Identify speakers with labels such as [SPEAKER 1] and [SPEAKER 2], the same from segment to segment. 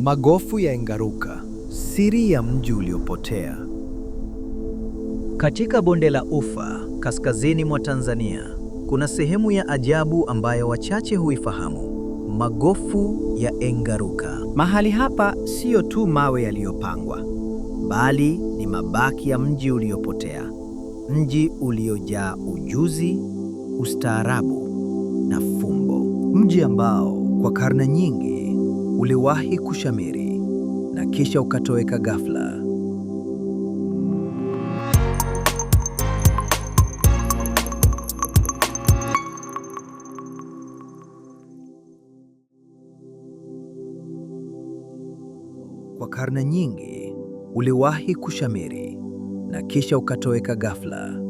[SPEAKER 1] Magofu ya Engaruka, siri ya mji uliopotea. Katika bonde la Ufa, kaskazini mwa Tanzania, kuna sehemu ya ajabu ambayo wachache huifahamu, magofu ya Engaruka. Mahali hapa siyo tu mawe yaliyopangwa, bali ni mabaki ya mji uliopotea, mji uliojaa ujuzi, ustaarabu na fumbo, mji ambao kwa karne nyingi uliwahi kushamiri na kisha ukatoweka ghafla. Kwa karne nyingi uliwahi kushamiri na kisha ukatoweka ghafla,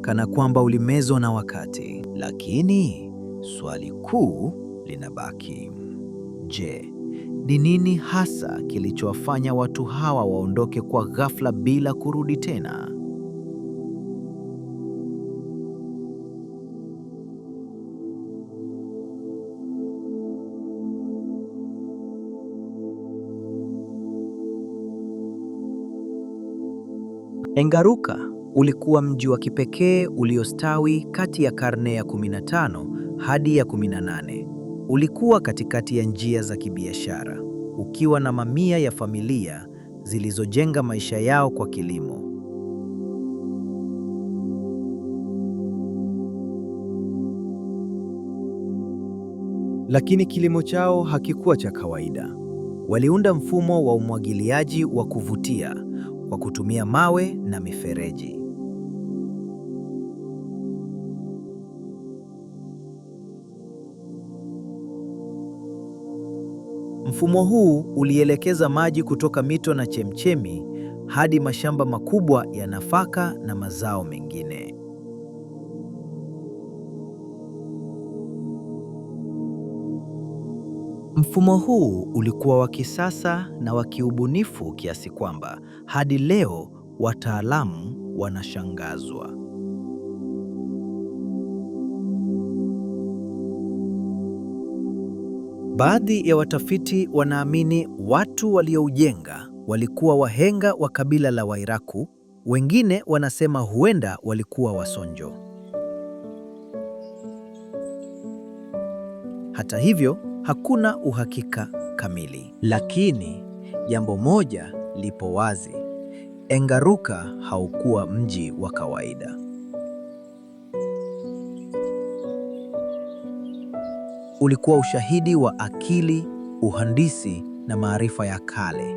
[SPEAKER 1] kana kwamba ulimezwa na wakati. Lakini swali kuu linabaki. Je, ni nini hasa kilichowafanya watu hawa waondoke kwa ghafla bila kurudi tena? Engaruka ulikuwa mji wa kipekee uliostawi kati ya karne ya 15 hadi ya 18. Ulikuwa katikati ya njia za kibiashara, ukiwa na mamia ya familia zilizojenga maisha yao kwa kilimo. Lakini kilimo chao hakikuwa cha kawaida. Waliunda mfumo wa umwagiliaji wa kuvutia kwa kutumia mawe na mifereji. Mfumo huu ulielekeza maji kutoka mito na chemchemi hadi mashamba makubwa ya nafaka na mazao mengine. Mfumo huu ulikuwa wa kisasa na wa kiubunifu kiasi kwamba hadi leo wataalamu wanashangazwa. Baadhi ya watafiti wanaamini watu walioujenga walikuwa wahenga wa kabila la Wairaku, wengine wanasema huenda walikuwa Wasonjo. Hata hivyo, hakuna uhakika kamili. Lakini jambo moja lipo wazi. Engaruka haukuwa mji wa kawaida. ulikuwa ushahidi wa akili, uhandisi na maarifa ya kale.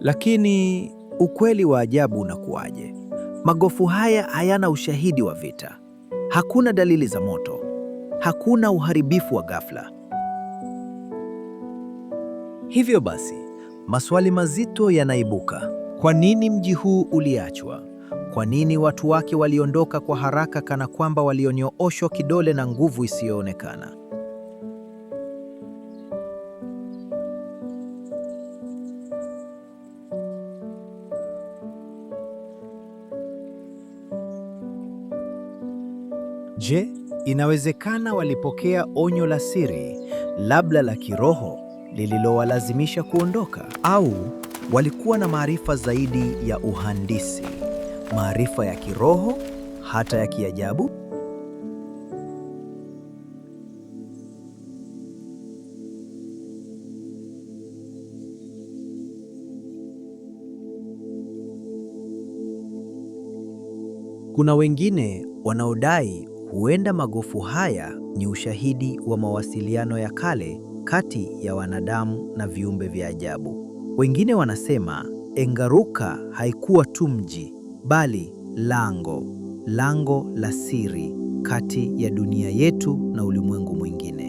[SPEAKER 1] Lakini ukweli wa ajabu unakuwaje? Magofu haya hayana ushahidi wa vita, hakuna dalili za moto, hakuna uharibifu wa ghafla. Hivyo basi, maswali mazito yanaibuka. Kwa nini mji huu uliachwa? Kwa nini watu wake waliondoka kwa haraka kana kwamba walionyooshwa kidole na nguvu isiyoonekana? Je, Inawezekana walipokea onyo la siri, labda la kiroho lililowalazimisha kuondoka, au walikuwa na maarifa zaidi ya uhandisi, maarifa ya kiroho, hata ya kiajabu. Kuna wengine wanaodai Huenda magofu haya ni ushahidi wa mawasiliano ya kale kati ya wanadamu na viumbe vya ajabu. Wengine wanasema Engaruka haikuwa tu mji, bali lango, lango la siri kati ya dunia yetu na ulimwengu mwingine.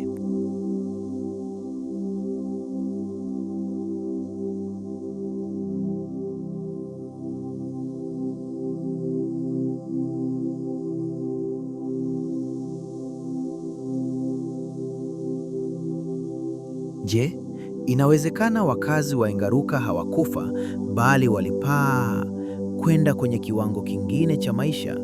[SPEAKER 1] Je, inawezekana wakazi wa Engaruka hawakufa bali walipaa kwenda kwenye kiwango kingine cha maisha?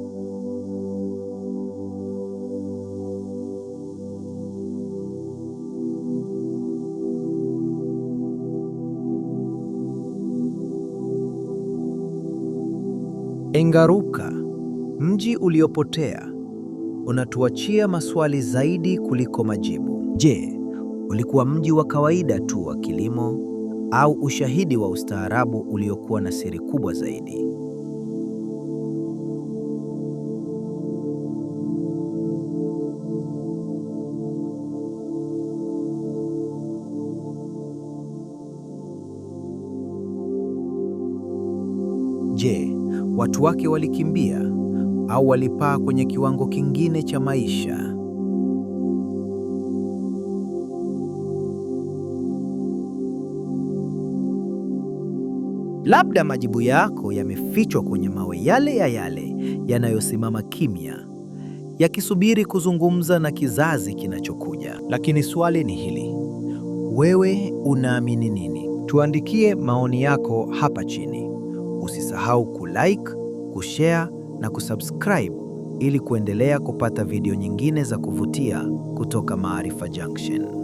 [SPEAKER 1] Engaruka, mji uliopotea, unatuachia maswali zaidi kuliko majibu. Je, ulikuwa mji wa kawaida tu wa kilimo au ushahidi wa ustaarabu uliokuwa na siri kubwa zaidi. Je, watu wake walikimbia au walipaa kwenye kiwango kingine cha maisha? Labda majibu yako yamefichwa kwenye mawe yale ya yale yanayosimama kimya, yakisubiri kuzungumza na kizazi kinachokuja. Lakini swali ni hili, wewe unaamini nini? Tuandikie maoni yako hapa chini. Usisahau kulike, kushare na kusubscribe ili kuendelea kupata video nyingine za kuvutia kutoka Maarifa Junction.